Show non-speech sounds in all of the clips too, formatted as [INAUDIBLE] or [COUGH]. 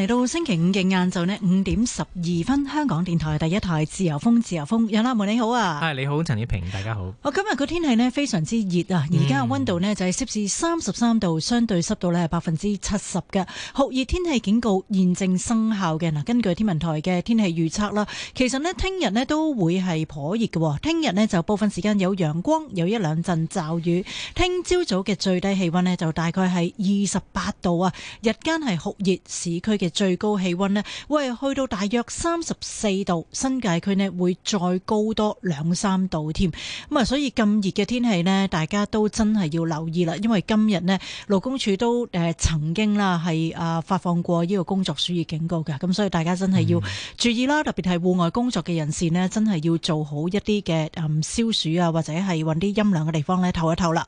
嚟到星期五嘅晏晝呢，五點十二分，香港電台第一台《自由風》，自由風，有啦，門你好啊！係你好，陳綺平，大家好。我今日個天氣呢，非常之熱啊！而家嘅温度呢，就係攝氏三十三度，相對濕度呢，係百分之七十嘅酷熱天氣警告現正生效嘅。嗱，根據天文台嘅天氣預測啦，其實呢聽日呢都會係頗熱嘅。聽日呢，就部分時間有陽光，有一兩陣驟雨。聽朝早嘅最低氣温呢，就大概係二十八度啊，日間係酷熱，市區嘅。最高氣温咧，會係去到大約三十四度，新界區咧會再高多兩三度添。咁啊，所以咁熱嘅天氣咧，大家都真係要留意啦。因為今日咧，勞工處都誒曾經啦係啊發放過呢個工作書以警告工作暑熱警告嘅。咁所以大家真係要注意啦、嗯，特別係戶外工作嘅人士咧，真係要做好一啲嘅消暑啊，或者係揾啲陰涼嘅地方咧唞一唞啦。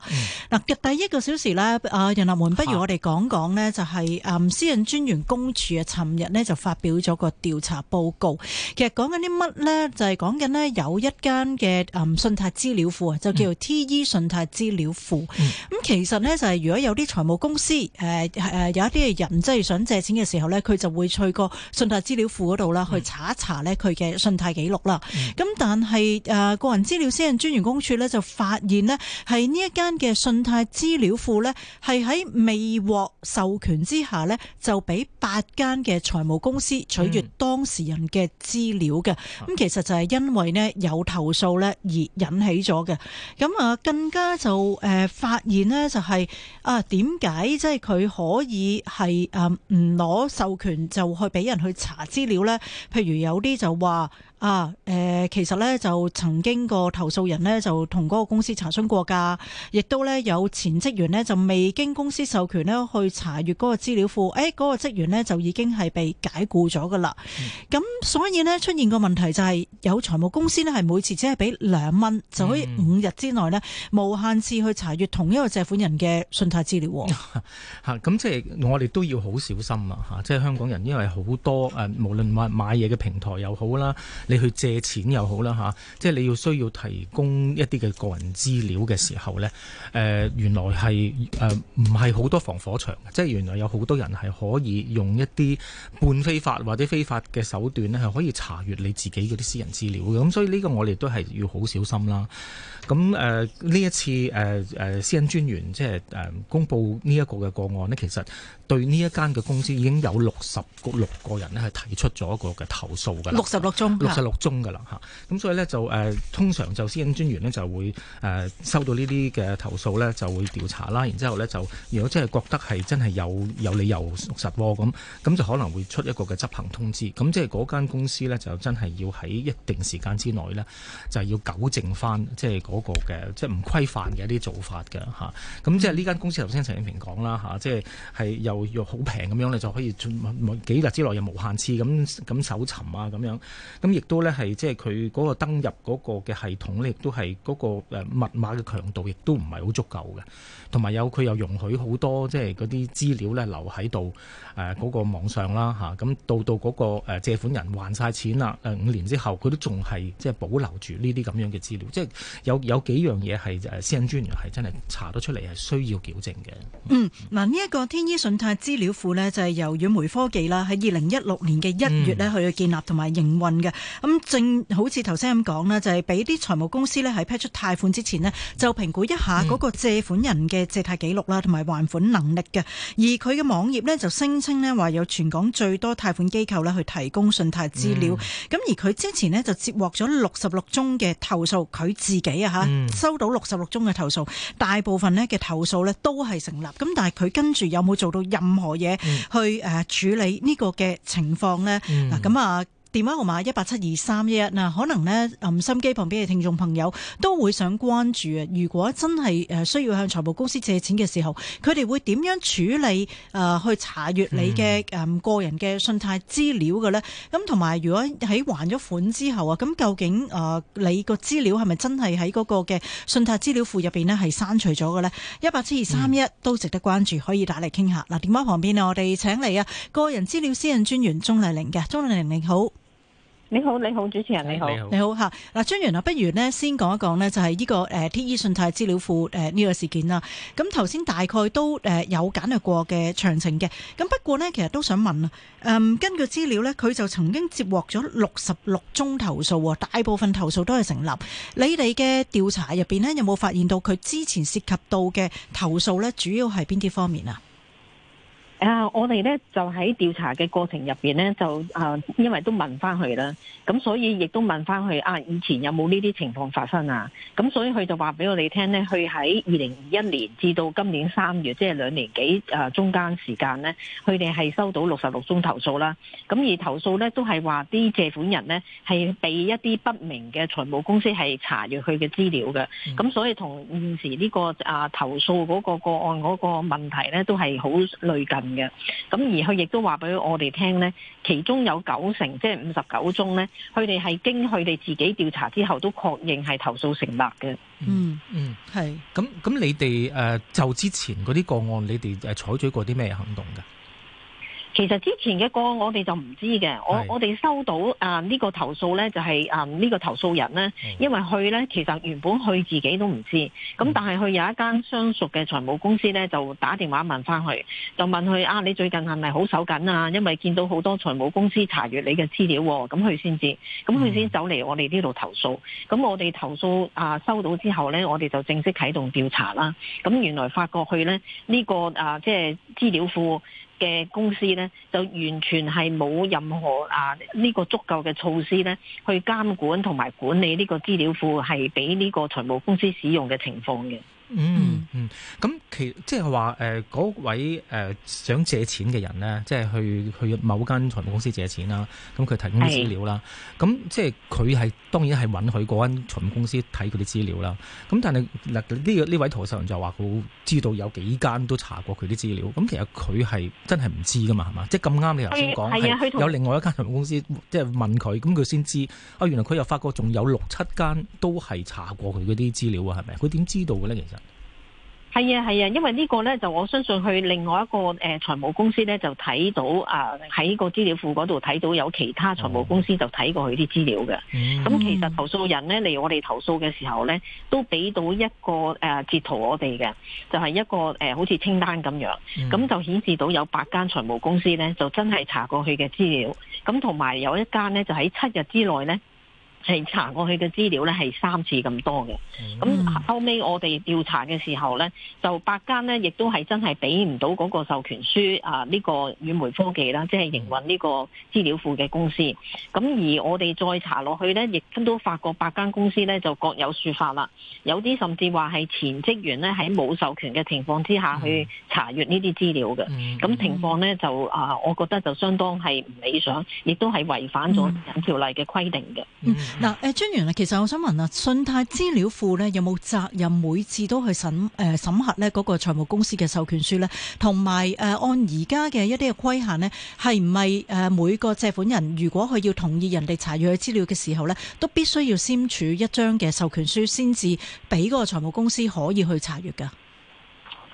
嗱、嗯，第一個小時呢，啊，仁立門，不如我哋講講呢，就係啊，私隱專員公署。尋日呢就發表咗個調查報告，其實講緊啲乜呢？就係講緊呢有一間嘅信貸資料庫啊，就叫做 T.E. 信貸資料庫。咁、嗯、其實呢，就係如果有啲財務公司誒有一啲人即係想借錢嘅時候呢，佢就會去個信貸資料庫嗰度啦，去查一查呢佢嘅信貸記錄啦。咁、嗯、但係誒個人資料私隱專員公署呢，就發現呢係呢一間嘅信貸資料庫呢，係喺未獲授權之下呢，就俾八家。間嘅財務公司取閱當事人嘅資料嘅，咁、嗯、其實就係因為呢有投訴呢而引起咗嘅，咁啊更加就誒發現呢就係、是、啊點解即係佢可以係誒唔攞授權就去俾人去查資料呢？譬如有啲就話。啊、呃，其實咧就曾經個投訴人呢，就同嗰個公司查詢過㗎，亦都呢，有前職員呢，就未經公司授權呢去查閱嗰個資料庫，誒、欸、嗰、那個職員呢，就已經係被解雇咗㗎啦。咁所以呢，出現個問題就係、是、有財務公司呢，係每次只係俾兩蚊就可以五日之內呢，無限次去查閱同一個借款人嘅信貸資料。嚇、嗯，咁即係我哋都要好小心啊！嚇，即係香港人因為好多誒，無論買買嘢嘅平台又好啦。你去借錢又好啦嚇，即係你要需要提供一啲嘅個人資料嘅時候呢，誒、呃、原來係誒唔係好多防火牆，即係原來有好多人係可以用一啲半非法或者非法嘅手段咧，係可以查閱你自己嗰啲私人資料嘅，咁所以呢個我哋都係要好小心啦。咁誒呢一次誒誒私隱專員即係誒、呃、公布呢一個嘅個案咧，其實對呢一間嘅公司已經有六十六個人咧係提出咗一個嘅投訴㗎啦，六十六宗，六十六宗㗎啦吓，咁所以咧就誒、呃、通常就私隱專員咧就會誒、呃、收到呢啲嘅投訴咧就會調查啦，然之後咧就如果真係覺得係真係有有理由落實喎咁，咁就可能會出一個嘅執行通知。咁即係嗰間公司咧就真係要喺一定時間之內咧就係要糾正翻即係。嗰、那個嘅即係唔規範嘅一啲做法嘅咁、啊、即係呢間公司頭先陳振英講啦、啊、即係又要好平咁樣咧就可以，幾日之內又無限次咁咁搜尋啊咁樣，咁亦都咧係即係佢嗰個登入嗰個嘅系統咧，亦都係嗰個密碼嘅強度亦都唔係好足夠嘅，同埋有佢又容許好多即係嗰啲資料咧留喺度嗰個網上啦咁、啊、到到嗰個借款人還晒錢啦，五年之後佢都仲係即係保留住呢啲咁樣嘅資料，即係有。有幾樣嘢係誒私隱專員係真係查得出嚟係需要矯正嘅、嗯。嗯，嗱呢一個天依信貸資料庫呢，就係由軟媒科技啦喺二零一六年嘅一月咧去建立同埋營運嘅。咁正好似頭先咁講咧，就係俾啲財務公司咧喺批出貸款之前呢，就評估一下嗰個借款人嘅借貸記錄啦同埋還款能力嘅。而佢嘅網頁呢，就聲稱咧話有全港最多貸款機構咧去提供信貸資料。咁而佢之前呢，就接獲咗六十六宗嘅投訴，佢自己啊～嚇，收到六十六宗嘅投訴，大部分咧嘅投訴咧都係成立。咁但係佢跟住有冇做到任何嘢去誒處理個呢個嘅情況咧？嗱，咁啊。電話號碼一八七二三一一嗱，172, 3, 1, 可能呢，暗、嗯、心機旁邊嘅聽眾朋友都會想關注啊。如果真係需要向財務公司借錢嘅時候，佢哋會點樣處理？誒、呃、去查閱你嘅誒、呃、個人嘅信貸資料嘅呢？咁同埋，如果喺還咗款之後啊，咁究竟誒、呃、你個資料係咪真係喺嗰個嘅信貸資料庫入面呢？係刪除咗嘅呢？一八七二三一都值得關注，可以打嚟傾下嗱。電話旁邊咧，我哋請嚟啊個人資料私隱專員鍾麗玲嘅，鍾麗玲你好。你好，你好，主持人，你好，你好吓嗱，張元啊，不如呢先講一講呢就係呢、呢個 t、呃、天醫信貸資料庫呢個事件啦。咁頭先大概都有簡略過嘅詳情嘅。咁不過呢，其實都想問啊、嗯。根據資料呢，佢就曾經接獲咗六十六宗投訴，大部分投訴都係成立。你哋嘅調查入面呢，有冇發現到佢之前涉及到嘅投訴呢，主要係邊啲方面啊？啊！我哋咧就喺調查嘅過程入面咧，就啊，因為都問翻佢啦，咁所以亦都問翻佢啊，以前有冇呢啲情況發生、就是、啊？咁所以佢就話俾我哋聽咧，佢喺二零二一年至到今年三月，即係兩年幾啊中間時間咧，佢哋係收到六十六宗投訴啦。咁而投訴咧都係話啲借款人咧係畀一啲不明嘅財務公司係查閱佢嘅資料嘅，咁所以同現時呢、呢個啊投訴嗰個個案嗰個問題咧都係好類近。咁而佢亦都話俾我哋聽呢，其中有九成，即係五十九宗呢，佢哋係經佢哋自己調查之後都確認係投訴成立嘅。嗯嗯，係。咁咁，你哋誒，就之前嗰啲個案，你哋誒採取過啲咩行動噶？其實之前嘅個我哋就唔知嘅，我我哋收到啊呢、呃這個投訴呢，就係啊呢個投訴人呢，因為佢呢，其實原本佢自己都唔知，咁但係佢有一間相熟嘅財務公司呢，就打電話問翻佢，就問佢啊你最近係咪好手緊啊？因為見到好多財務公司查閱你嘅資料，哦，咁佢先至，咁佢先走嚟我哋呢度投訴。咁我哋投訴啊、呃、收到之後呢，我哋就正式啟動調查啦。咁原來發過去呢，呢、這個啊、呃、即係資料庫。嘅公司咧，就完全係冇任何啊呢個足夠嘅措施咧，去監管同埋管理呢個資料庫，係俾呢個財務公司使用嘅情況嘅。嗯嗯，咁、嗯嗯、其即係話誒，嗰、呃、位誒、呃、想借錢嘅人咧，即係去去某間財務公司借錢啦。咁佢提供啲資料啦，咁即係佢係當然係允許嗰間財務公司睇佢啲資料啦。咁但係呢呢位陶秀就話佢知道有幾間都查過佢啲資料。咁其實佢係真係唔知㗎嘛，係嘛？即係咁啱你頭先講有另外一間財務公司，即係問佢，咁佢先知啊。原來佢又發覺仲有六七間都係查過佢嗰啲資料啊，係咪？佢點知道嘅咧？其實？係啊，係啊，因為呢個呢，就我相信去另外一個誒財、呃、務公司呢，就睇到啊，喺個資料庫嗰度睇到有其他財務公司就睇過佢啲資料嘅。咁、嗯、其實投訴人呢，嚟我哋投訴嘅時候呢，都俾到一個誒、呃、截圖我哋嘅，就係、是、一個誒、呃、好似清單咁樣，咁、嗯、就顯示到有八間財務公司呢，就真係查過佢嘅資料，咁同埋有一間呢，就喺七日之內呢，係查過去嘅資料咧，係三次咁多嘅。咁後尾我哋調查嘅時候咧，就八間咧，亦都係真係俾唔到嗰個授權書啊！呢個軟媒科技啦，即係營運呢個資料庫嘅公司。咁而我哋再查落去咧，亦都發覺八間公司咧就各有說法啦。有啲甚至話係前職員咧喺冇授權嘅情況之下去查閱呢啲資料嘅。咁情況咧就啊，我覺得就相當係唔理想，亦都係違反咗條例嘅規定嘅。嗱，誒，專員，其實我想問啊，信貸資料庫咧有冇責任每次都去審誒審核咧嗰個財務公司嘅授權書咧？同埋誒，按而家嘅一啲嘅規限呢，係唔係誒每個借款人如果佢要同意人哋查閱資料嘅時候咧，都必須要簽署一張嘅授權書先至俾嗰個財務公司可以去查閲噶？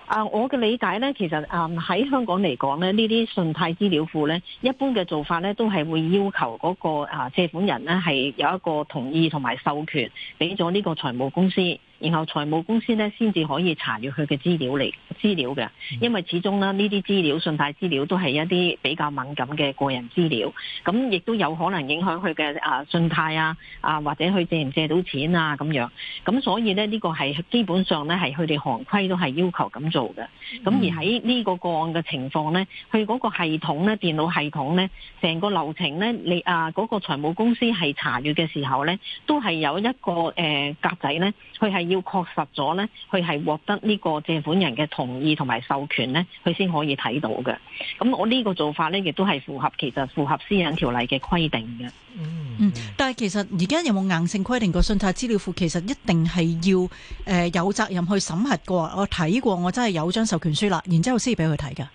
啊，我嘅理解咧，其實，誒喺香港嚟講咧，呢啲信貸資料庫咧，一般嘅做法咧，都係會要求嗰個啊借款人咧係有一個同意同埋授權，俾咗呢個財務公司。然後財務公司咧，先至可以查閱佢嘅資料嚟資料嘅，因為始終咧呢啲資料信貸資料都係一啲比較敏感嘅個人資料，咁亦都有可能影響佢嘅啊信貸啊，啊或者佢借唔借到錢啊咁樣，咁所以咧呢、呢個係基本上咧係佢哋行規都係要求咁做嘅。咁而喺呢個個案嘅情況咧，佢嗰個系統咧電腦系統咧成個流程咧，你啊嗰、嗰個財務公司係查閱嘅時候咧，都係有一個誒格、呃、仔咧，佢係。要確實咗呢，佢係獲得呢個借款人嘅同意同埋授權呢，佢先可以睇到嘅。咁我呢個做法呢，亦都係符合其實符合私隱條例嘅規定嘅。嗯，但係其實而家有冇硬性規定過信貸資料庫其實一定係要誒、呃、有責任去審核過，我睇過，我真係有張授權書啦，然之後先俾佢睇嘅。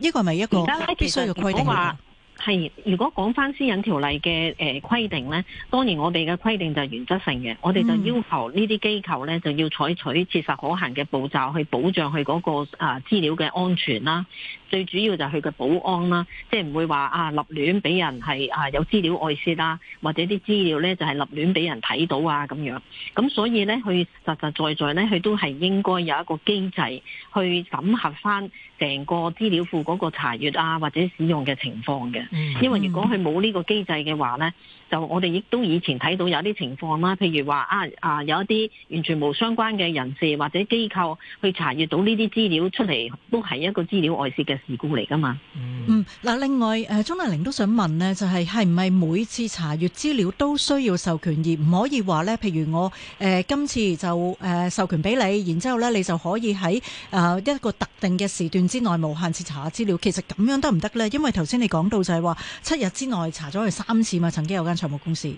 呢個係咪一個必須嘅規定的？係，如果講翻私隱條例嘅誒規定呢，當然我哋嘅規定就係原則性嘅，我哋就要求呢啲機構呢，就要採取切實可行嘅步驟去保障佢嗰個啊資料嘅安全啦，最主要就係佢嘅保安啦，即係唔會話啊立亂俾人係啊有資料外洩啦，或者啲資料呢就係立亂俾人睇到啊咁樣。咁所以呢，佢實實在在呢，佢都係應該有一個機制去審核翻。成個資料庫嗰個查閱啊，或者使用嘅情況嘅，因為如果佢冇呢個機制嘅話咧。就我哋亦都以前睇到有啲情況啦，譬如話啊啊，有一啲完全冇相關嘅人士或者機構去查閱到呢啲資料出嚟，都係一個資料外泄嘅事故嚟噶嘛。嗯，嗱，另外誒鍾麗玲都想問咧，就係係唔係每次查閱資料都需要授權，而唔可以話咧？譬如我誒、呃、今次就誒、呃、授權俾你，然之後咧你就可以喺誒、呃、一個特定嘅時段之內無限次查下資料。其實咁樣得唔得咧？因為頭先你講到就係話七日之內查咗佢三次嘛，曾經有財務公司。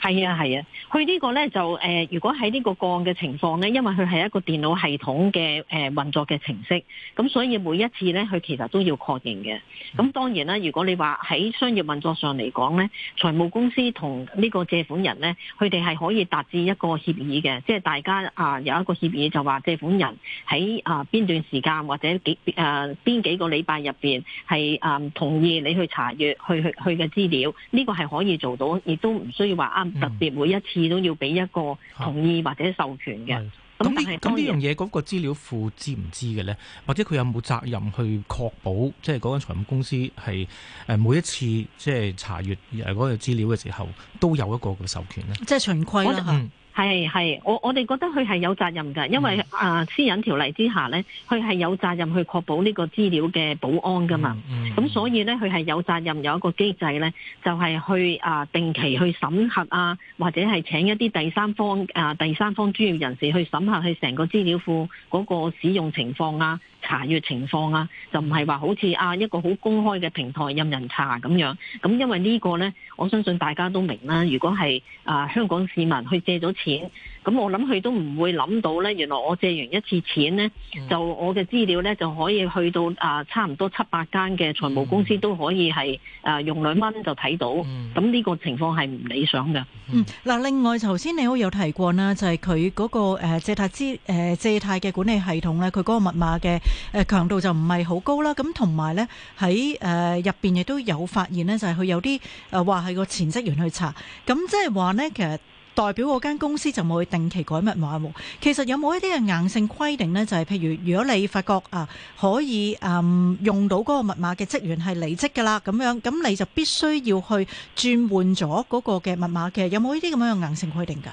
係啊，係啊，佢呢個呢就誒，如果喺呢個個案嘅情況呢，因為佢係一個電腦系統嘅誒運作嘅程式，咁所以每一次呢，佢其實都要確認嘅。咁當然啦，如果你話喺商業運作上嚟講呢，財務公司同呢個借款人呢，佢哋係可以達至一個協議嘅，即係大家啊有一個協議，就話借款人喺啊邊段時間或者幾誒邊幾個禮拜入面係啊同意你去查閱去去去嘅資料，呢個係可以做到，亦都唔需要話特別每一次都要俾一個同意或者授權嘅，咁但係當呢樣嘢，嗰個資料庫知唔知嘅咧？或者佢有冇責任去確保，即係嗰間財務公司係誒每一次即係查閲嗰個資料嘅時候，都有一個嘅授權咧？即係循規啦。係係，我我哋覺得佢係有責任㗎，因為啊、呃，私隱條例之下呢佢係有責任去確保呢個資料嘅保安㗎嘛。咁、嗯嗯、所以呢，佢係有責任有一個機制呢，就係、是、去啊、呃、定期去審核啊，或者係請一啲第三方啊、呃、第三方專業人士去審核佢成個資料庫嗰個使用情況啊。查閱情況啊，就唔係話好似啊一個好公開嘅平台任人查咁樣，咁因為呢個呢，我相信大家都明啦。如果係啊香港市民去借咗錢。咁我諗佢都唔會諗到呢。原來我借完一次錢呢，就我嘅資料呢，就可以去到啊，差唔多七百間嘅財務公司都可以係啊用兩蚊就睇到。咁呢個情況係唔理想噶。嗯，嗱、啊，另外頭先你都有提過啦，就係佢嗰個誒、啊、借貸資誒借貸嘅管理系統呢，佢嗰個密碼嘅誒強度就唔係好高啦。咁同埋呢，喺誒入邊亦都有發現呢，就係佢有啲誒話係個前職員去查，咁即係話呢，其實。代表嗰間公司就冇去定期改密碼。其實有冇一啲嘅硬性規定呢？就係譬如，如果你發覺啊，可以誒、嗯、用到嗰個密碼嘅職員係離職嘅啦，咁樣咁你就必須要去轉換咗嗰個嘅密碼。其實有冇呢啲咁樣嘅硬性規定㗎？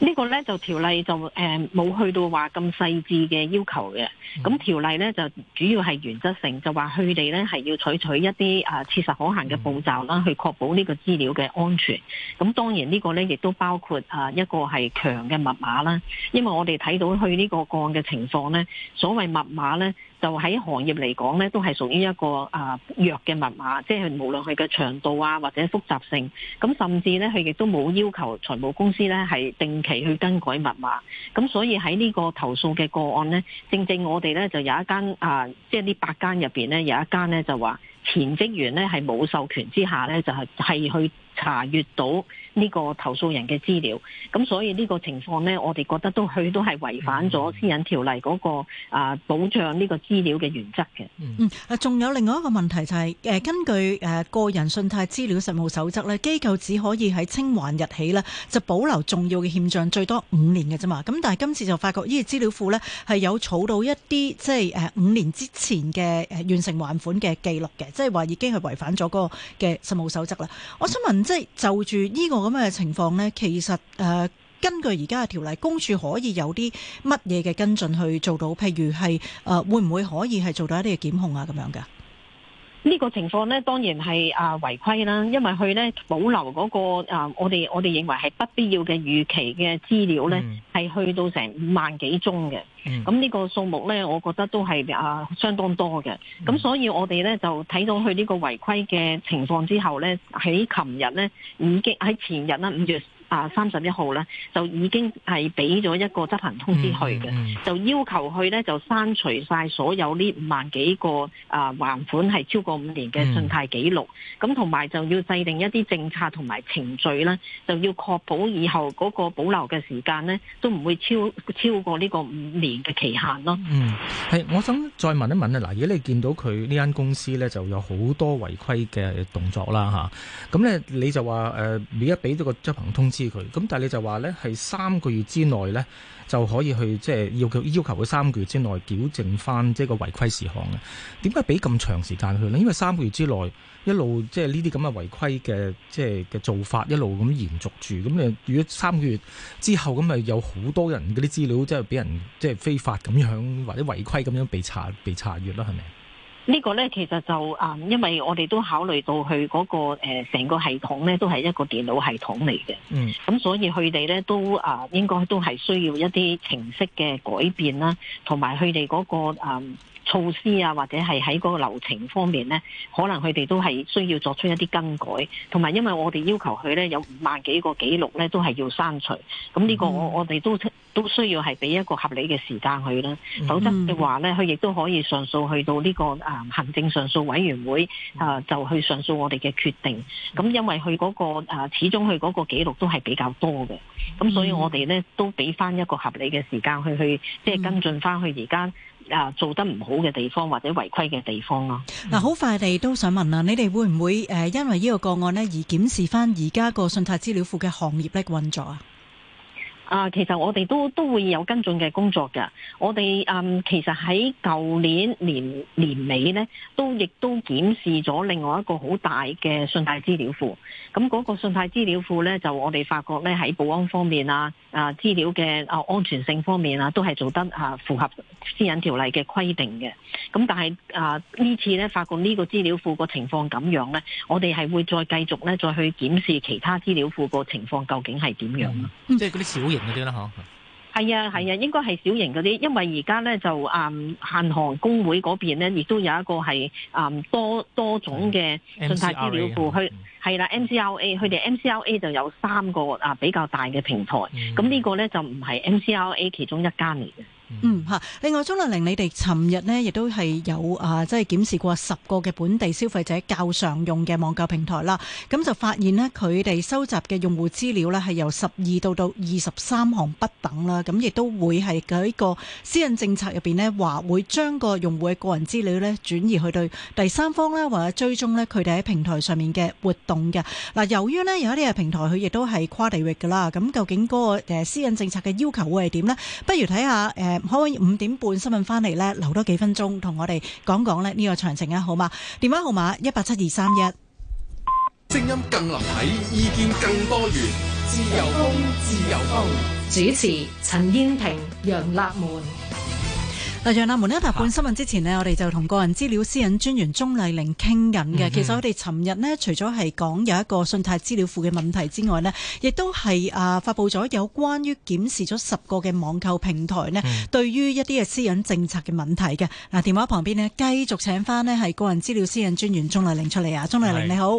呢、這個呢，就條例就誒冇、嗯、去到話咁細緻嘅要求嘅，咁條例呢，就主要係原則性，就話佢哋呢係要採取，取一啲啊切實可行嘅步驟啦，去確保呢個資料嘅安全。咁當然呢個呢，亦都包括啊一個係強嘅密碼啦，因為我哋睇到佢呢個個案嘅情況呢，所謂密碼呢，就喺行業嚟講呢，都係屬於一個啊弱嘅密碼，即係無論佢嘅長度啊或者複雜性，咁甚至呢，佢亦都冇要求財務公司呢係定期，係去更改密碼，咁所以喺呢個投訴嘅個案咧，正正我哋咧就有一間啊，即係呢八間入邊咧有一間咧就話。前職員咧係冇授權之下呢就係係去查閲到呢個投訴人嘅資料。咁所以呢個情況呢，我哋覺得他都佢都係違反咗私隱條例嗰個啊保障呢個資料嘅原則嘅。嗯，啊，仲有另外一個問題就係誒，根據誒個人信貸資料實務守則呢，機構只可以喺清還日起咧就保留重要嘅欠帳最多五年嘅啫嘛。咁但係今次就發覺呢個資料庫呢係有儲到一啲即係五年之前嘅完成還款嘅記錄嘅。即係話已經係違反咗嗰個嘅實務守則啦。我想問，即係就住、是、呢個咁嘅情況咧，其實誒、呃，根據而家嘅條例，公署可以有啲乜嘢嘅跟進去做到？譬如係誒、呃，會唔會可以係做到一啲嘅檢控啊？咁樣嘅？呢、這個情況咧，當然係啊違規啦，因為佢咧保留嗰，那個啊，我哋我哋認為係不必要嘅預期嘅資料咧，係去到成五萬幾宗嘅。咁、嗯、呢、這個數目咧，我覺得都係啊相當多嘅。咁、嗯、所以我哋咧就睇到佢呢個違規嘅情況之後咧，喺琴日咧已經喺前日啦，五月。啊，三十一號咧，就已經係俾咗一個執行通知佢嘅，嗯嗯，就要求佢咧就刪除晒所有呢五萬幾個啊還款係超過五年嘅信貸記錄，咁同埋就要制定一啲政策同埋程序呢，就要確保以後嗰個保留嘅時間呢，都唔會超超過呢個五年嘅期限咯。嗯，係，我想再問一問啊，嗱，如果你見到佢呢間公司咧就有好多違規嘅動作啦嚇，咁、啊、咧你就話誒而家俾咗個執行通知，知佢，咁但係你就話咧，係三個月之內咧就可以去，即係要要求佢三個月之內矯正翻，即係個違規事項嘅，點解俾咁長時間去呢？因為三個月之內一路即係呢啲咁嘅違規嘅，即係嘅做法一路咁延續住。咁你如果三個月之後咁咪有好多人嗰啲資料即係俾人即係非法咁樣或者違規咁樣被查被查閱啦，係咪？這個、呢個呢其實就啊、嗯，因為我哋都考慮到佢嗰、那個誒成、呃、個系統呢，都係一個電腦系統嚟嘅。Mm. 嗯，咁所以佢哋呢都啊、呃，應該都係需要一啲程式嘅改變啦，同埋佢哋嗰個啊。呃措施啊，或者係喺嗰個流程方面咧，可能佢哋都係需要作出一啲更改，同埋因為我哋要求佢咧有五萬幾個記錄咧，都係要刪除。咁呢個我我哋都都需要係俾一個合理嘅時間佢啦，否則嘅話咧，佢亦都可以上訴去到呢個啊行政上訴委員會啊，就去上訴我哋嘅決定。咁因為佢嗰個啊，始終，佢嗰個記錄都係比較多嘅，咁所以我哋咧都俾翻一個合理嘅時間去去即係跟進翻去而家。啊，做得唔好嘅地方或者違規嘅地方啊。嗱、嗯，好快地都想問啊，你哋會唔會誒因為呢個個案咧而檢視翻而家個信貸資料庫嘅行業咧運作啊？啊，其實我哋都都會有跟進嘅工作㗎。我哋嗯，其實喺舊年年年尾呢，都亦都檢視咗另外一個好大嘅信貸資料庫。咁、那、嗰個信貸資料庫呢，就我哋發覺呢，喺保安方面啊，啊資料嘅啊安全性方面啊，都係做得啊符合私隱條例嘅規定嘅。咁但係啊呢次呢，發覺呢個資料庫個情況咁樣呢，我哋係會再繼續呢，再去檢視其他資料庫個情況究竟係點樣，嗯、即係啲小嗰啲啦，係 [NOISE] 啊，係啊，應該係小型嗰啲，因為而家咧就嗯，銀行公會嗰邊咧亦都有一個係、嗯、多多種嘅信貸資料庫，佢係啦，M C L A，佢哋 M C L A 就有三個啊比較大嘅平台，咁、嗯、呢個咧就唔係 M C L A 其中一家嚟嘅。嗯吓，另外鍾麗玲，你哋尋日呢亦都係有啊，即係檢視過十個嘅本地消費者較常用嘅網購平台啦。咁就發現呢，佢哋收集嘅用戶資料呢係由十二到到二十三項不等啦。咁亦都會係喺個私隱政策入面呢，話會將個用戶嘅個人資料呢轉移去對第三方啦，或者追蹤呢佢哋喺平台上面嘅活動嘅。嗱，由於呢，有一啲嘅平台佢亦都係跨地域㗎啦。咁究竟嗰個私隱政策嘅要求會係點呢？不如睇下可唔可以五點半新聞翻嚟咧？留多幾分鐘同我哋講講咧呢個詳情啊，好嘛？電話號碼一八七二三一。聲音更立體，意見更多元，自由風，自由風。主持：陳燕萍、楊立門。嗱，楊南文一答半新聞之前呢，我哋就同個人資料私隱專員鍾麗玲傾緊嘅。其實我哋尋日呢，除咗係講有一個信貸資料庫嘅問題之外呢，亦都係啊，發布咗有關於檢視咗十個嘅網購平台呢，對於一啲嘅私隱政策嘅問題嘅。嗱，電話旁邊呢，繼續請翻呢係個人資料私隱專員鍾麗玲出嚟啊，鍾麗玲你好。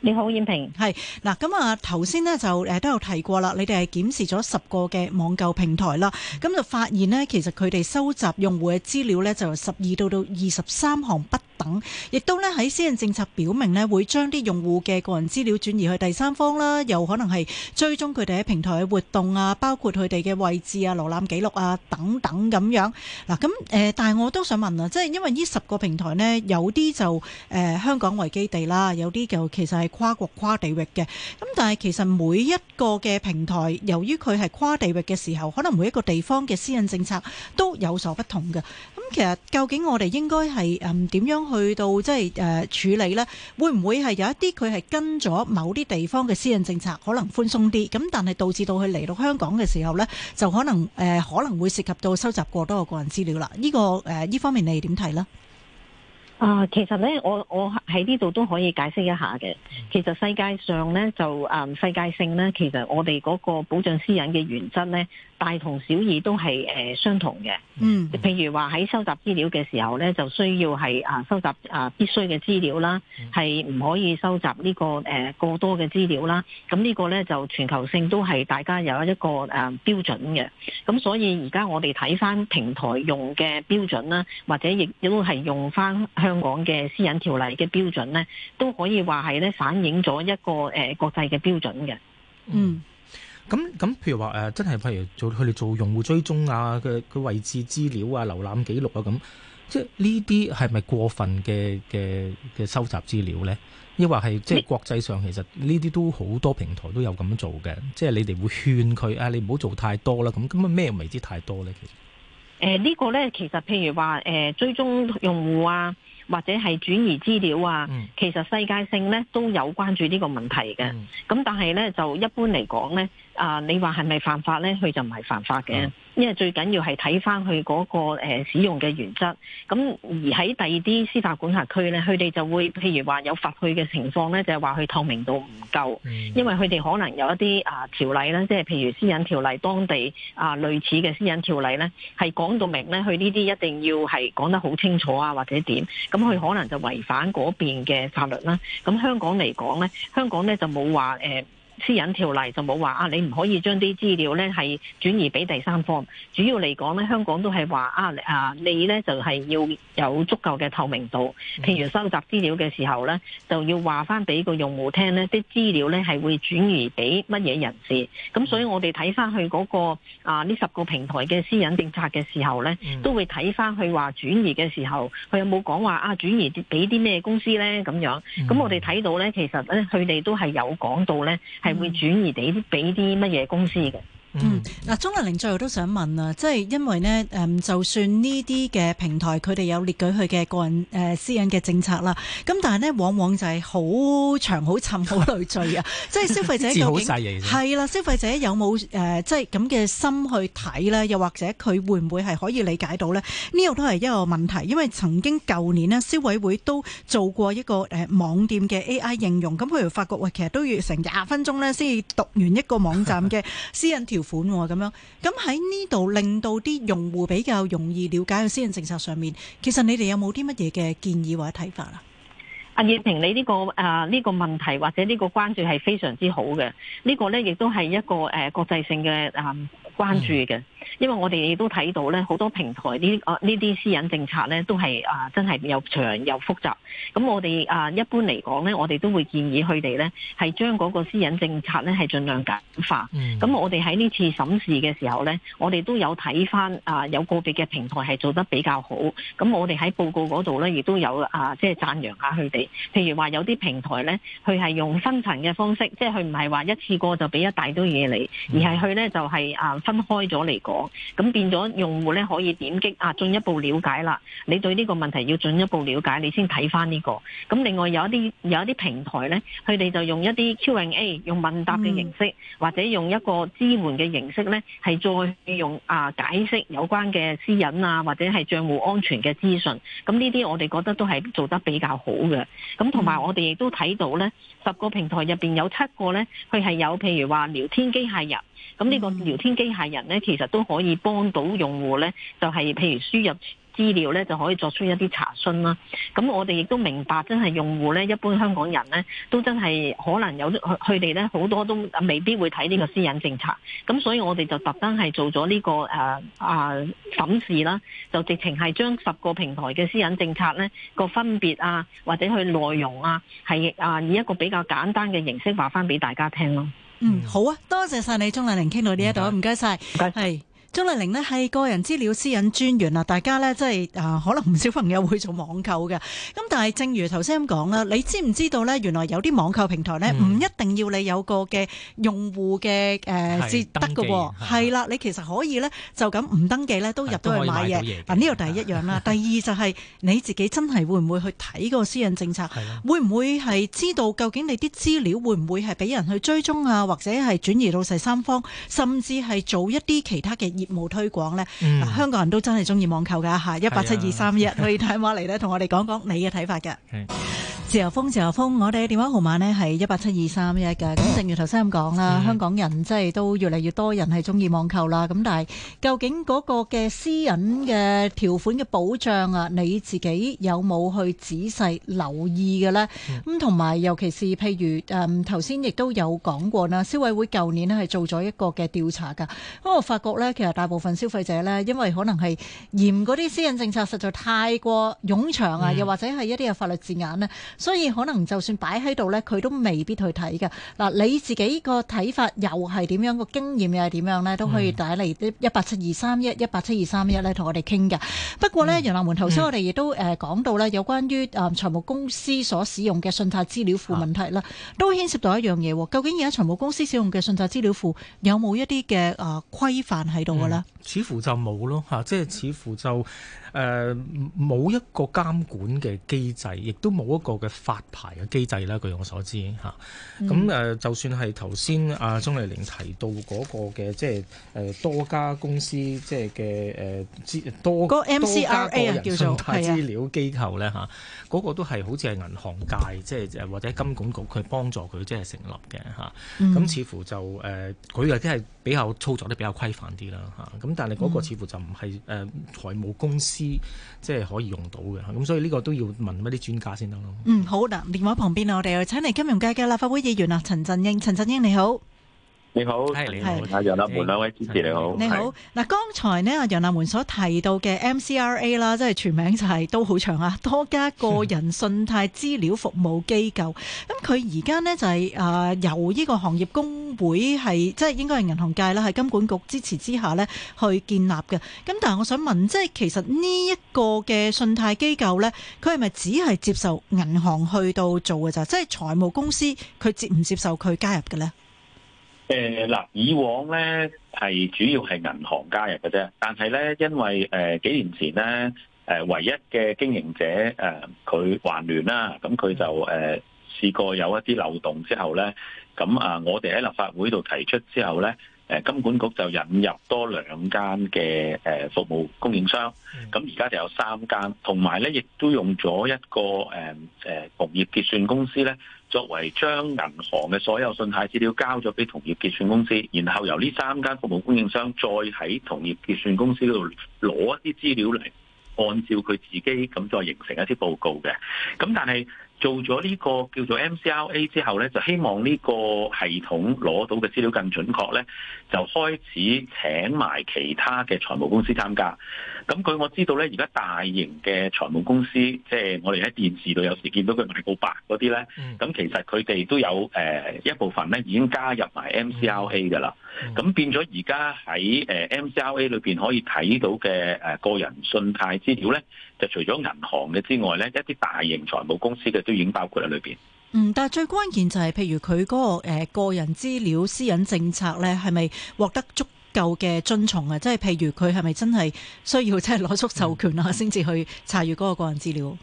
你好，燕平係，嗱，咁啊，頭先呢就誒都有提過啦，你哋係檢視咗十個嘅網購平台啦，咁就發現呢，其實佢哋收集用戶嘅資料呢，就由十二到到二十三項不等，亦都咧喺私隱政策表明咧，會將啲用戶嘅個人資料轉移去第三方啦，又可能係追蹤佢哋喺平台嘅活動啊，包括佢哋嘅位置啊、瀏覽記錄啊等等咁樣。嗱，咁誒，但係我都想問啊，即係因為呢十個平台咧，有啲就誒香港為基地啦，有啲就其實係跨國跨地域嘅。咁但係其實每一個嘅平台，由於佢係跨地域嘅時候，可能每一個地方嘅私隱政策都有所不同嘅。咁其實究竟我哋應該係誒點樣？去到即係誒處理呢，會唔會係有一啲佢係跟咗某啲地方嘅私隱政策可能寬鬆啲？咁但係導致到佢嚟到香港嘅時候呢，就可能誒、呃、可能會涉及到收集過多嘅個，個人資料啦。呢、這個誒呢、呃、方面你點睇呢？啊、呃，其實呢，我我喺呢度都可以解釋一下嘅。其實世界上呢，就誒、嗯、世界性呢，其實我哋嗰個保障私隱嘅原則呢。大同小異都係誒相同嘅。嗯，譬如話喺收集資料嘅時候咧，就需要係啊收集啊必須嘅資料啦，係唔可以收集呢個誒過多嘅資料啦。咁呢個咧就全球性都係大家有一個誒標準嘅。咁所以而家我哋睇返平台用嘅標準啦，或者亦都係用返香港嘅私隱條例嘅標準咧，都可以話係咧反映咗一個誒國際嘅標準嘅。嗯。咁咁，譬如話誒真係譬如做佢哋做用戶追蹤啊，佢位置資料啊、瀏覽記錄啊，咁即係呢啲係咪過分嘅嘅嘅收集資料咧？抑或係即係國際上其實呢啲都好多平台都有咁樣做嘅，即係你哋會勸佢啊，你唔好做太多啦。咁咁啊咩未知太多咧？其實誒呢個咧，其實譬如話、呃、追蹤用戶啊，或者係轉移資料啊，嗯、其實世界性咧都有關注呢個問題嘅。咁、嗯、但係咧就一般嚟講咧。啊！你話係咪犯法呢？佢就唔係犯法嘅，因為最緊要係睇翻佢嗰個誒使用嘅原則。咁而喺第二啲司法管轄區呢，佢哋就會譬如話有罰佢嘅情況呢，就係話佢透明度唔夠，因為佢哋可能有一啲啊條例咧，即係譬如私隱條例、當地啊類似嘅私隱條例呢，係講到明呢，佢呢啲一定要係講得好清楚啊，或者點？咁佢可能就違反嗰邊嘅法律啦。咁香港嚟講呢，香港呢就冇話誒。呃私隱條例就冇話啊，你唔可以將啲資料呢係轉移俾第三方。主要嚟講呢，香港都係話啊啊，你呢就係要有足夠嘅透明度。譬如收集資料嘅時候呢，就要話翻俾個用戶聽呢啲資料呢係會轉移俾乜嘢人士。咁所以我哋睇翻去嗰個啊呢十個平台嘅私隱政策嘅時候呢，都會睇翻去話轉移嘅時候，佢有冇講話啊轉移俾啲咩公司呢？咁樣。咁我哋睇到呢，其實呢佢哋都係有講到呢。係會轉移俾俾啲乜嘢公司嘅。嗯，嗱，鍾麗玲最後都想問啊，即係因為咧，誒就算呢啲嘅平台佢哋有列舉佢嘅個人誒、呃、私隱嘅政策啦，咁但係咧往往就係好長好沉、好累贅啊！ [LAUGHS] 即係消費者究竟係啦，消費者有冇誒、呃、即係咁嘅心去睇咧？又或者佢會唔會係可以理解到咧？呢個都係一個問題，因為曾經舊年咧消委會都做過一個誒、呃、網店嘅 AI 應用，咁佢哋發覺喂，其實都要成廿分鐘咧先至讀完一個網站嘅私隱條。 [LAUGHS] 款咁樣，咁喺呢度令到啲用戶比較容易了解嘅私隱政策上面，其實你哋有冇啲乜嘢嘅建議或者睇法啊？阿葉婷，你呢個啊呢個問題或者呢個關注係非常之好嘅，呢個呢亦都係一個誒國際性嘅啊。關注嘅，因為我哋亦都睇到咧，好多平台呢啊呢啲私隱政策咧都係啊真係又長又複雜。咁我哋啊一般嚟講咧，我哋都會建議佢哋咧係將嗰個私隱政策咧係盡量簡化。咁我哋喺呢次審視嘅時候咧，我哋都有睇返啊有個別嘅平台係做得比較好。咁我哋喺報告嗰度咧亦都有啊即係讚揚下佢哋。譬如話有啲平台咧，佢係用分層嘅方式，即係佢唔係話一次過就俾一大堆嘢嚟，而係佢咧就係啊。分開咗嚟講，咁變咗用戶咧可以點擊啊進一步了解啦。你對呢個問題要進一步了解，你先睇返呢個。咁另外有一啲有一啲平台咧，佢哋就用一啲 Q&A 用問答嘅形式，或者用一個支援嘅形式咧，係再用啊解釋有關嘅私隱啊或者係賬戶安全嘅資訊。咁呢啲我哋覺得都係做得比較好嘅。咁同埋我哋亦都睇到咧，十個平台入面有七個咧，佢係有譬如話聊天機械人。咁呢個聊天機械人呢，其實都可以幫到用戶呢就係譬如輸入資料呢，就可以作出一啲查詢啦。咁我哋亦都明白，真係用戶呢，一般香港人呢，都真係可能有啲佢哋呢好多都未必會睇呢個私隱政策。咁所以我哋就特登係做咗呢個誒啊審視啦，就直情係將十個平台嘅私隱政策呢個分別啊，或者佢內容啊，係啊以一個比較簡單嘅形式話翻俾大家聽咯。 [MUSIC] 嗯，好啊，多謝晒你，鍾麗玲，傾到呢一度，唔該晒，係。鍾麗玲呢，係個人資料私隱專員啊。大家呢，真係啊，可能唔少朋友會做網購嘅。咁但係正如頭先咁講啦，你知唔知道呢？原來有啲網購平台呢，唔一定要你有個嘅用戶嘅誒、嗯，是得嘅喎。係啦、嗯，你其實可以呢，就咁唔登記呢，都入到去買嘢。嗱，呢、啊、度第一樣啦、嗯。第二就係你自己真係會唔會去睇個私隱政策？會唔會係知道究竟你啲資料會唔會係俾人去追蹤啊？或者係轉移到第三方，甚至係做一啲其他嘅冇推廣咧、嗯，香港人都真係中意網購㗎嚇，一八七二三一，可以睇馬嚟咧，同我哋講講你嘅睇法嘅。 [LAUGHS] 自由風，自由風，我哋嘅電話號碼呢係一八七二三一嘅。咁正如頭先咁講啦，香港人即係都越嚟越多人係中意網購啦。咁但係究竟嗰個嘅私隱嘅條款嘅保障啊，你自己有冇去仔細留意嘅呢？咁同埋尤其是譬如誒頭先亦都有講過啦，消委會舊年呢係做咗一個嘅調查㗎。咁我發覺呢，其實大部分消費者呢，因為可能係嫌嗰啲私隱政策實在太過冗長啊，又或者係一啲嘅法律字眼呢。所以可能就算擺喺度咧，佢都未必去睇嘅。嗱，你自己個睇法又係點樣，個經驗又係點樣咧？都可以打嚟一八七二三一一八七二三一咧，同、嗯、我哋傾嘅。不過咧，楊、嗯、立門頭先我哋亦都誒講到咧、嗯，有關於誒財務公司所使用嘅信貸資料庫問題啦、啊，都牽涉到一樣嘢。究竟而家財務公司使用嘅信貸資料庫有冇一啲嘅誒規範喺度嘅咧？似乎就冇咯吓，即係似乎就誒冇、呃、一個監管嘅機制，亦都冇一個。發牌嘅機制啦，據我所知吓，咁、嗯、誒，就算係頭先阿鍾麗玲提到嗰個嘅，即係誒多家公司，即係嘅誒多嗰、那個 MCRA 叫做係啊，資料機構咧吓，嗰、那個都係好似係銀行界，即、就、係、是、或者金管局佢幫助佢即係成立嘅吓，咁、嗯、似乎就誒佢又啲係比較操作得比較規範啲啦吓，咁但係嗰個似乎就唔係誒財務公司即係、就是、可以用到嘅，咁所以呢個都要問一啲專家先得咯。嗯嗯，好嗱，電話旁邊我哋又請嚟金融界嘅立法會議員啊，陳振英，陳振英你好。你好，係你好，阿楊立門兩位主持你好，你好。嗱，剛才呢阿楊立門所提到嘅 MCRA 啦，即係全名就係、是、都好長啊，多家個人信貸資料服務機構。咁佢而家呢就係、是、啊、呃、由呢個行業公會係，即係應該係銀行界啦，喺金管局支持之下呢，去建立嘅。咁但係我想問，即係其實呢一個嘅信貸機構呢，佢係咪只係接受銀行去到做嘅咋？即係財務公司，佢接唔接受佢加入嘅呢？誒，嗱，以往咧係主要係銀行加入嘅啫，但係咧因為誒、呃、幾年前咧誒、呃、唯一嘅經營者誒佢環聯啦，咁、呃、佢、啊、就誒試、呃、過有一啲漏洞之後咧，咁啊、呃、我哋喺立法會度提出之後咧，誒、呃、金管局就引入多兩間嘅誒服務供應商，咁而家就有三間，同埋咧亦都用咗一個誒誒同業結算公司咧。作為將銀行嘅所有信貸資料交咗畀同業結算公司，然後由呢三間服務供應商再喺同業結算公司嗰度攞一啲資料嚟，按照佢自己咁再形成一啲報告嘅。咁但係做咗呢個叫做 MCLA 之後呢，就希望呢個系統攞到嘅資料更準確呢，就開始請埋其他嘅財務公司參加。咁佢我知道咧，而家大型嘅財務公司，即係我哋喺電視度有時見到佢賣告白嗰啲咧，咁其實佢哋都有誒，一部分咧已經加入埋 MCRA 嘅啦。咁變咗而家喺誒 MCRA 裏邊可以睇到嘅誒個人信貸資料咧，就除咗銀行嘅之外咧，一啲大型財務公司嘅都已經包括喺裏邊。嗯，但係最關鍵就係、是、譬如佢嗰、那個、呃、個人資料私隱政策咧，係咪獲得足？夠嘅遵從啊，即係譬如佢係咪真係需要即係攞出授權啊，先至去查閱嗰個個人資料？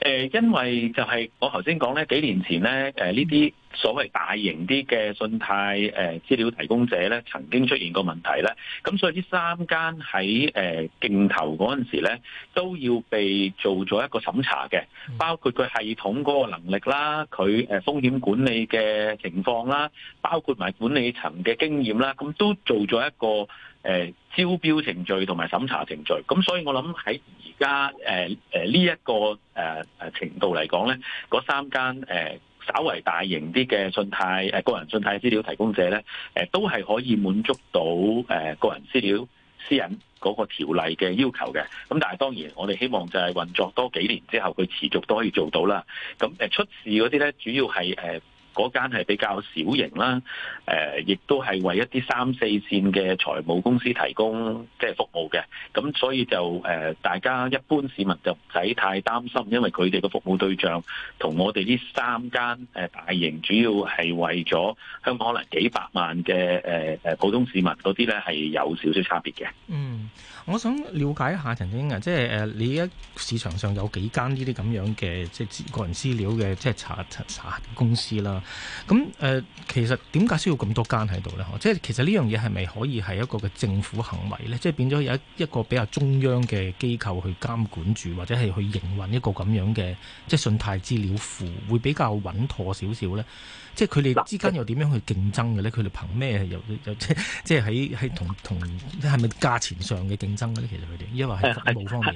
誒，因為就係我頭先講咧，幾年前咧，誒呢啲所謂大型啲嘅信貸誒資料提供者咧，曾經出現過問題咧，咁所以呢三間喺誒競投嗰陣時咧，都要被做咗一個審查嘅，包括佢系統嗰個能力啦，佢誒風險管理嘅情況啦，包括埋管理層嘅經驗啦，咁都做咗一個。誒招標程序同埋審查程序，咁所以我諗喺而家誒誒呢一個誒誒、呃、程度嚟講咧，嗰三間誒、呃、稍為大型啲嘅信貸誒、呃、個人信貸資料提供者咧，誒、呃、都係可以滿足到誒、呃、個人資料私隱嗰個條例嘅要求嘅。咁但係當然，我哋希望就係運作多幾年之後，佢持續都可以做到啦。咁誒出事嗰啲咧，主要係誒。呃嗰間係比較小型啦，誒，亦都係為一啲三四線嘅財務公司提供即係服務嘅，咁所以就誒，大家一般市民就唔使太擔心，因為佢哋嘅服務對象同我哋呢三間誒大型，主要係為咗香港可能幾百萬嘅誒誒普通市民嗰啲咧，係有少少差別嘅。嗯，我想了解一下陳振英，即係誒，你而家市場上有幾間呢啲咁樣嘅即係個人資料嘅即係查查公司啦。咁誒、呃，其實點解需要咁多間喺度咧？即係其實呢樣嘢係咪可以係一個嘅政府行為咧？即係變咗有一一個比較中央嘅機構去監管住，或者係去營運一個咁樣嘅即係信貸資料庫，會比較穩妥少少咧？即係佢哋之間又點樣去競爭嘅咧？佢哋憑咩又又即係即係喺喺同同係咪價錢上嘅競爭咧？其實佢哋，因為喺服務方面。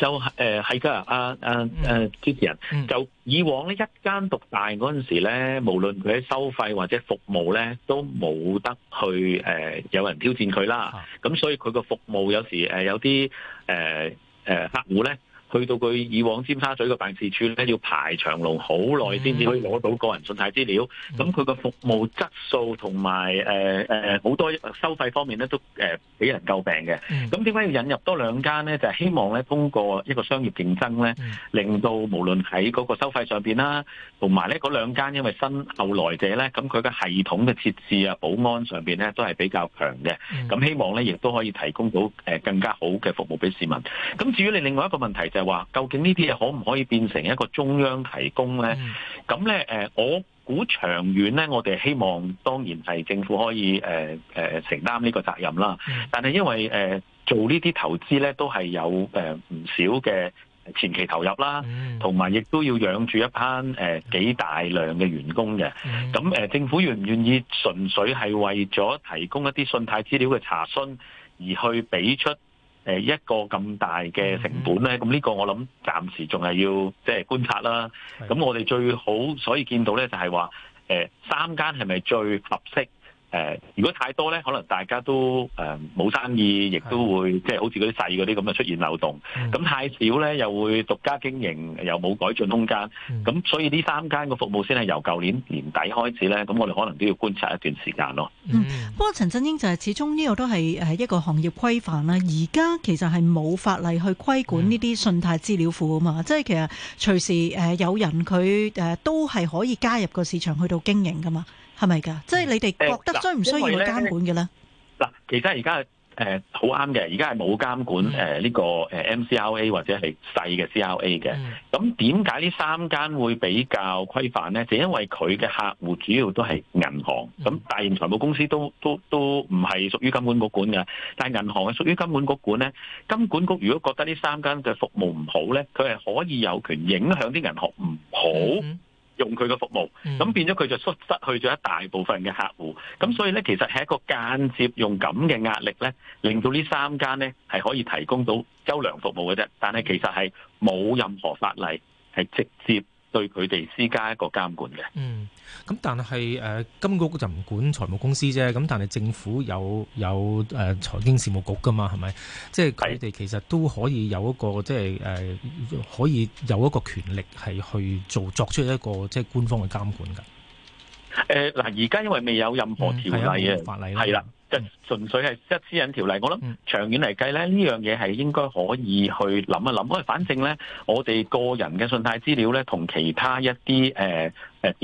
就係誒係㗎，阿阿誒主持人，就以往咧一間獨大嗰陣時咧，無論佢喺收費或者服務咧，都冇得去誒、呃、有人挑戰佢啦。咁所以佢個服務有時誒有啲誒誒客戶咧。去到佢以往尖沙咀嘅辦事處咧，要排長龍好耐先至可以攞到個人信貸資料。咁佢個服務質素同埋誒誒好多收費方面咧，都誒俾人詬病嘅。咁點解要引入多兩間咧？就係、是、希望咧，通過一個商業競爭咧，mm -hmm. 令到無論喺嗰個收費上邊啦，同埋咧嗰兩間因為新後來者咧，咁佢嘅系統嘅設置啊、保安上邊咧都係比較強嘅。咁、mm -hmm. 希望咧亦都可以提供到誒更加好嘅服務俾市民。咁至於你另外一個問題就是，話究竟呢啲嘢可唔可以變成一個中央提供呢？咁、嗯、呢，誒，我估長遠呢，我哋希望當然係政府可以，誒、呃，誒、呃，承擔呢個責任啦、嗯。但係因為誒、呃、做呢啲投資呢，都係有誒唔、呃、少嘅前期投入啦，同埋亦都要養住一班誒、呃、幾大量嘅員工嘅。咁、嗯、誒、呃，政府願唔願意純粹係為咗提供一啲信貸資料嘅查詢而去俾出？誒一個咁大嘅成本咧，咁呢個我諗暫時仲係要即係觀察啦。咁我哋最好所以見到咧，就係話誒三間係咪最合適？誒、呃，如果太多咧，可能大家都誒冇、呃、生意，亦都會即係好似嗰啲細嗰啲咁啊出現漏洞。咁、嗯、太少咧，又會獨家經營，又冇改進空間。咁、嗯、所以呢三間嘅服務先係由舊年年底開始咧，咁我哋可能都要觀察一段時間咯。嗯，不過陳振英就係始終呢個都係誒一個行業規範啦。而家其實係冇法例去規管呢啲信貸資料庫啊嘛，嗯、即係其實隨時誒有人佢誒都係可以加入個市場去到經營噶嘛。係咪噶？即係你哋覺得需唔需要監管嘅咧？嗱，其實而家誒好啱嘅，而家係冇監管誒呢、嗯呃這個誒 MCLA 或者係細嘅 CLA 嘅。咁點解呢三間會比較規範咧？就因為佢嘅客戶主要都係銀行，咁大型財務公司都都都唔係屬於金管局管嘅。但係銀行係屬於金管局管咧。金管局如果覺得呢三間嘅服務唔好咧，佢係可以有權影響啲銀行唔好。嗯嗯用佢嘅服務，咁變咗佢就失失去咗一大部分嘅客戶，咁所以呢，其實係一個間接用咁嘅壓力呢，令到呢三間呢係可以提供到優良服務嘅啫，但係其實係冇任何法例係直接。對佢哋施加一個監管嘅，嗯，咁但係誒、呃，金管局就唔管財務公司啫，咁但係政府有有誒財、呃、經事務局噶嘛，係咪？即係佢哋其實都可以有一個即係誒，可以有一個權力係去做作出一個即係、就是、官方嘅監管㗎。誒、呃，嗱，而家因為未有任何條例嘅、嗯啊、法例係啦。 [NOISE] 就純粹係一私隱條例，我諗長遠嚟計咧，呢樣嘢係應該可以去諗一諗。因為反正咧，我哋個人嘅信貸資料咧，同其他一啲誒誒電子呃呃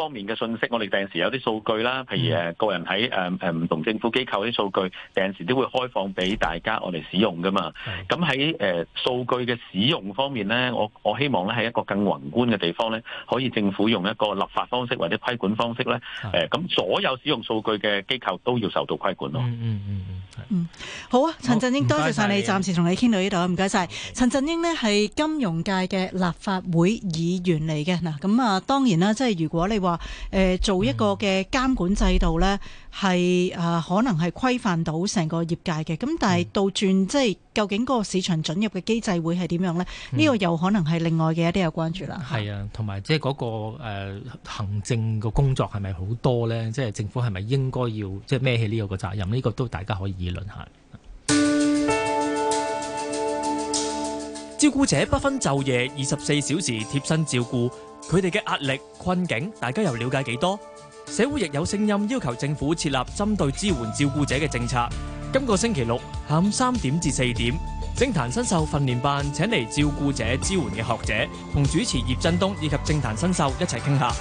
方面嘅信息，我哋定時有啲數據啦，譬如誒個人喺誒誒唔同政府機構啲數據，定時都會開放俾大家我哋使用噶嘛。咁喺誒數據嘅使用方面咧，我我希望咧喺一個更宏觀嘅地方咧，可以政府用一個立法方式或者規管方式咧，誒咁所有使用數據嘅機構都要受到規管咯。嗯嗯嗯嗯，好啊，陳振英，多謝晒你，暫時同你傾到呢度，唔該晒。陳振英咧係金融界嘅立法會議員嚟嘅嗱，咁啊當然啦，即係如果你話。誒，做一個嘅監管制度呢係誒可能係規範到成個業界嘅。咁、嗯、但係倒轉即係，究竟嗰個市場準入嘅機制會係點樣呢？呢、嗯，這個又可能係另外嘅一啲嘅關注啦。係、嗯、啊，同埋即係嗰個誒行政嘅工作係咪好多呢？即係政府係咪應該要即係孭起呢個個責任？呢、這個都大家可以議論下。照顧者不分晝夜，二十四小時貼身照顧。佢哋嘅壓力、困境，大家又了解幾多？社會亦有聲音要求政府設立針對支援照顧者嘅政策。今個星期六下午三點至四點，政壇新秀訓練班請嚟照顧者支援嘅學者同主持葉振東以及政壇新秀一齊傾下。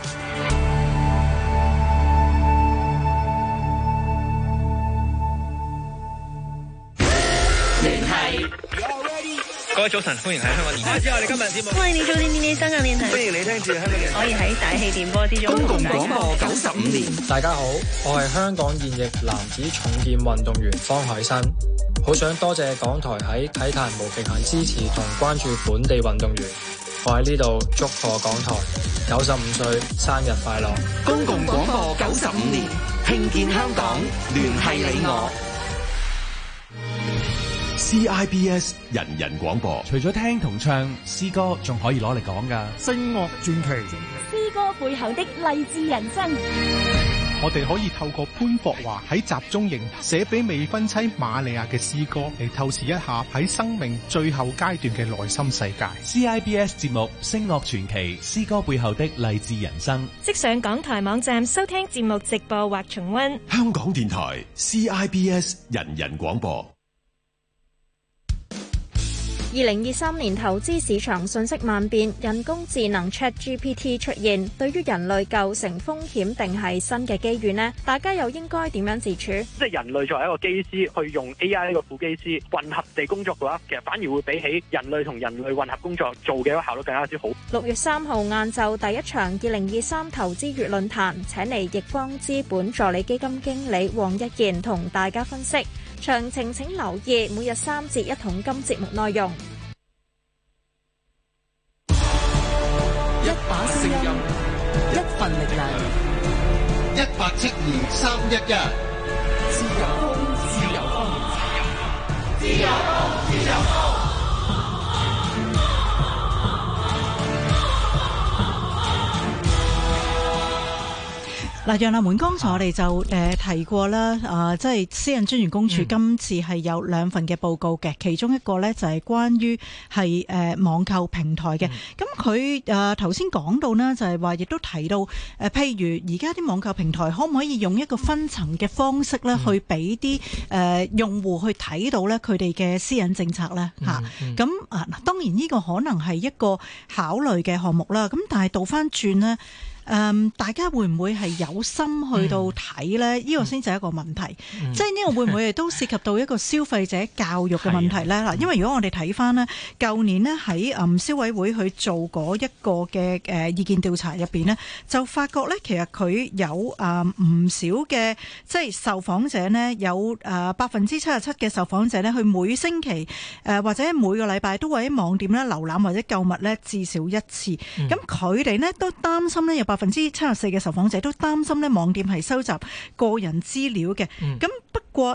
各位早晨，歡迎喺香港電台。歡、啊、迎你早啲新嘅生日，歡迎你聽住香港電台。可 [LAUGHS] 以喺大氣電波之中。公共廣播九十五年，大家好，我係香港現役男子重劍運動員方海生，好想多謝港台喺體壇無極限支持同關注本地運動員，我喺呢度祝賀港台九十五歲生日快樂。公共廣播九十五年，興建香港，聯繫你我。CIBS 人人廣播，除咗聽同唱詩歌，仲可以攞嚟講㗎。聲樂傳奇，詩歌背後的勵志人生。我哋可以透過潘霍華喺集中營寫俾未婚妻瑪利亞嘅詩歌，嚟透視一下喺生命最後階段嘅內心世界。CIBS 節目《聲樂傳奇》，詩歌背後的勵志人生。即上港台網站收聽節目直播或重溫。香港電台 CIBS 人人廣播。二零二三年投資市場信息萬變，人工智能 ChatGPT 出現，對於人類構成風險定係新嘅機遇呢？大家又應該點樣自處？即係人類作為一個機師，去用 AI 一個副機師混合地工作嘅話，其實反而會比起人類同人類混合工作做嘅效率更加之好。六月三號晏晝第一場二零二三投資月論壇，請嚟易方資本助理基金經理黃一賢同大家分析。詳情請留意每日三節一桶金節目內容。一把聲音，一份力量，一八七二三一一。自由風，自由風，自由風，自由風。嗱，楊立門剛才我哋就誒提過啦，啊，即、啊、係、就是、私隱專員公署今次係有兩份嘅報告嘅、嗯，其中一個呢就係關於係誒網購平台嘅，咁佢誒頭先講到呢，就係話亦都提到譬如而家啲網購平台可唔可以用一個分層嘅方式咧，去俾啲誒用戶去睇到咧佢哋嘅私隱政策咧嚇咁、嗯嗯、啊，當然呢個可能係一個考慮嘅項目啦，咁但係倒翻轉呢。誒，大家會唔會係有心去到睇呢？呢、嗯呢個先就一個問題，嗯、即係呢個會唔會都涉及到一個消費者教育嘅問題呢？嗱、啊嗯，因為如果我哋睇翻呢，舊年呢喺消委會去做嗰一個嘅誒意見調查入邊呢就發覺呢，其實佢有誒唔少嘅，即係受訪者呢，有誒百分之七十七嘅受訪者呢，佢每星期誒或者每個禮拜都會喺網店呢瀏覽或者購物呢至少一次。咁佢哋呢都擔心呢，有百。百分之七十四嘅受訪者都擔心咧，網店係收集個人資料嘅。咁、嗯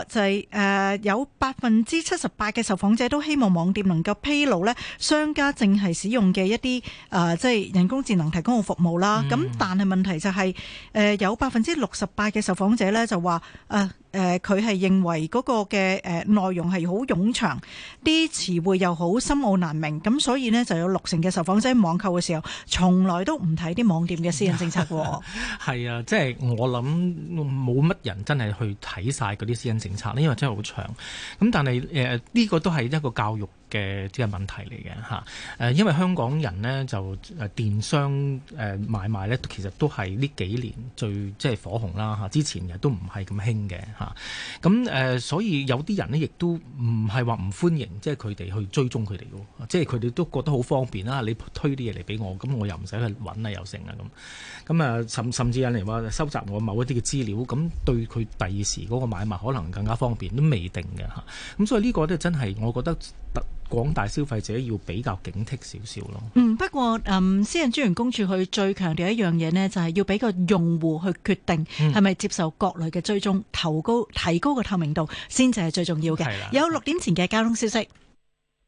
就係誒有百分之七十八嘅受訪者都希望網店能夠披露咧，商家淨係使用嘅一啲誒、呃、即係人工智能提供嘅服務啦。咁、嗯、但係問題就係、是、誒有百分之六十八嘅受訪者咧就話誒誒佢係認為個嘅誒內容係好冗長，啲詞彙又好深奧難明。咁所以咧就有六成嘅受訪者網購嘅時候從來都唔睇啲網店嘅私隱政策喎。係 [LAUGHS] 啊，即、就、係、是、我諗冇乜人真係去睇晒啲私隱。政策呢，因為真係好長，咁但係誒，呢個都係一個教育嘅呢個問題嚟嘅嚇，誒因為香港人呢，就誒電商誒買賣呢，其實都係呢幾年最即係火紅啦嚇，之前亦都唔係咁興嘅嚇，咁誒所以有啲人呢，亦都唔係話唔歡迎，即係佢哋去追蹤佢哋喎，即係佢哋都覺得好方便啦，你推啲嘢嚟俾我，咁我又唔使去揾啊，又成啊咁，咁啊，甚甚至有啲人話收集我某一啲嘅資料，咁對佢第二時嗰個買賣可能更加方便，都未定嘅嚇，咁所以個呢個咧真係我覺得特。廣大消費者要比較警惕少少咯。嗯，不過嗯私隱專員公署佢最強調一樣嘢呢，就係要俾個用戶去決定係咪接受各類嘅追蹤，投高提高提高個透明度先至係最重要嘅。有六點前嘅交通消息。嗯嗯